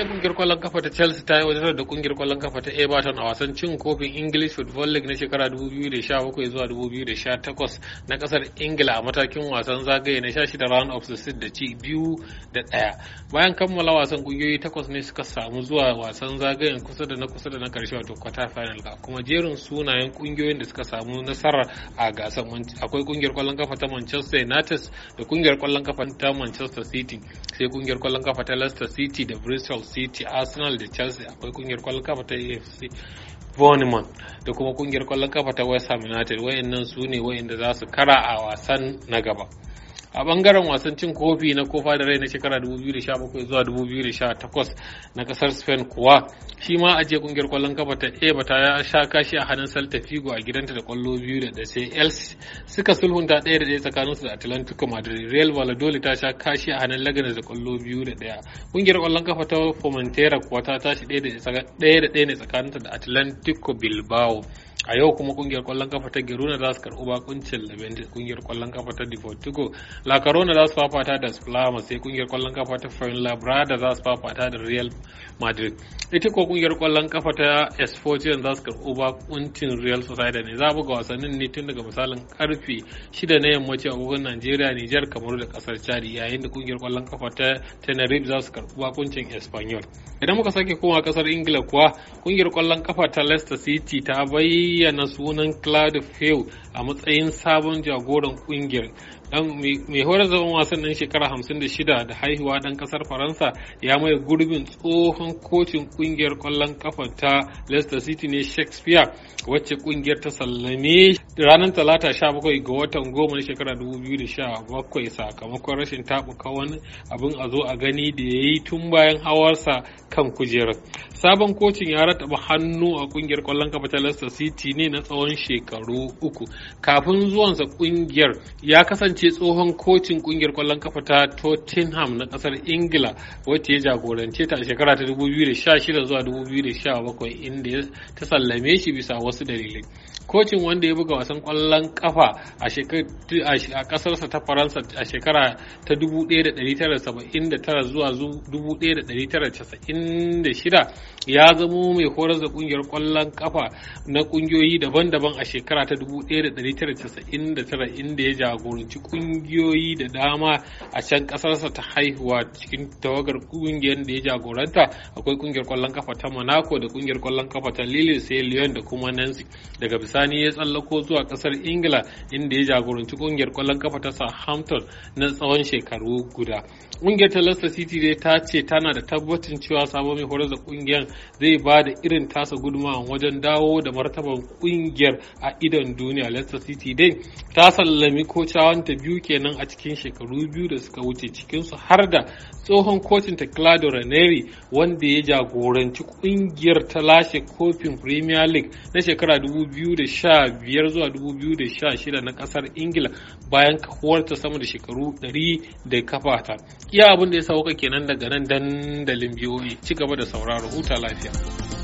ita kungiyar kwallon kafa ta Chelsea ta yi wajenar da kungiyar kwallon kafa ta Everton a wasan cin kofin English Football League na shekara 2017 zuwa 2018 na kasar Ingila a matakin wasan zagaye na 16 round of 16 da ci biyu da daya Bayan kammala wasan kungiyoyi takwas ne suka samu zuwa wasan zagayen kusa da na kusa da na karshe wato quarter final ga kuma jerin sunayen kungiyoyin da suka samu nasara a gasar akwai kungiyar kwallon kafa ta Manchester United da kungiyar kwallon kafa ta Manchester City sai kungiyar kwallon kafa ta Leicester City da Bristol city arsenal da chelsea akwai kungiyar kwallon kafa ta afc Bournemouth da kuma kungiyar kwallon kafa ta West Ham United wayannan su ne wayanda za su kara a wasan na gaba. a bangaren wasan cin kofi na kofa da rai na shekara 2017 zuwa 2018 na kasar spain kuwa shi ma a kungiyar kwallon kafa ta eba ta sha kashi a hannun salta figo a gidanta da kwallo biyu da da sai els suka sulhunta ɗaya da ɗaya tsakaninsu da atlantico madrid real valladolid ta sha kashi a hannun laganar da kwallo biyu da ɗaya kungiyar kwallon kafa ta fomentera kuwa ta tashi ɗaya da ɗaya ne tsakaninta da atlantico bilbao a yau kuma kungiyar kwallon kafa ta girona za su karɓi bakuncin labendis kungiyar kwallon kafa ta deportivo la corona za su fafata da splama sai kungiyar kwallon kafa ta da za su fafata da real madrid ita ko kungiyar kwallon kafa ta esfotian za su karɓi bakuncin real society ne za a buga wasannin ne tun daga misalin karfe shida na yammaci a gugun najeriya nijar kamar da kasar chadi yayin da kungiyar kwallon kafa ta tenerife za su karɓi bakuncin espanyol idan muka sake kuma kasar ingila kuwa kungiyar kwallon kafa ta leicester city ta bai na sunan Claude Few a matsayin sabon jagoran kungiyar. Dan mai horar zaman wasan nan shekara 56 da haihuwa dan kasar Faransa ya mai gurbin tsohon kocin kungiyar kwallon kafa ta Leicester City ne Shakespeare wacce kungiyar ta sallame ranar talata 17 ga watan goma na shekara 2017 sakamakon rashin taɓuka wani abin a zo a gani da ya yi tun bayan hawarsa kan kujerar. sabon kocin ya rataba hannu a kungiyar kwallon kafa ta Leicester City ne na tsawon shekaru uku kafin zuwansa kungiyar ya kasance tsohon kocin kungiyar kwallon kafa ta Tottenham na kasar Ingila wacce ya jagorance ta a shekara ta 2016 zuwa 2017 inda ta sallame shi bisa wasu dalilai kocin wanda ya buga wasan kwallon kafa a kasarsa ta faransa a shekara ta 1979 zuwa 1996 ya zamo mai horar da kungiyar kwallon kafa na kungiyoyi daban-daban a shekara ta 1999 inda ya jagoranci kungiyoyi da dama a can kasarsa ta haihuwa cikin tawagar kungiyar da ya jagoranta akwai kungiyar kwallon kafa ta monaco da kungiyar kwallon kafa ta lille sai lyon da kuma nancy daga bisani ya tsallako zuwa kasar ingila inda ya jagoranci kungiyar kwallon kafa ta southampton na tsawon shekaru guda kungiyar ta leicester city dai ta ce tana da tabbacin cewa sabon mai horar da kungiyar Iran zai ba da irin tasa gudunmawa wajen dawo da martaban kungiyar a idon duniya Leicester City dai ta sallami kocawanta biyu kenan a cikin shekaru biyu da suka wuce cikin su har da tsohon kocin ta Claudio Ranieri wanda ya jagoranci kungiyar ta lashe kofin Premier League na shekara 2015 zuwa 2016 na kasar Ingila bayan ta sama da shekaru 100 da kafata. Iya abin da ya sauka kenan daga nan dandalin biyoyi e. ci gaba da sauraro huta lafiya.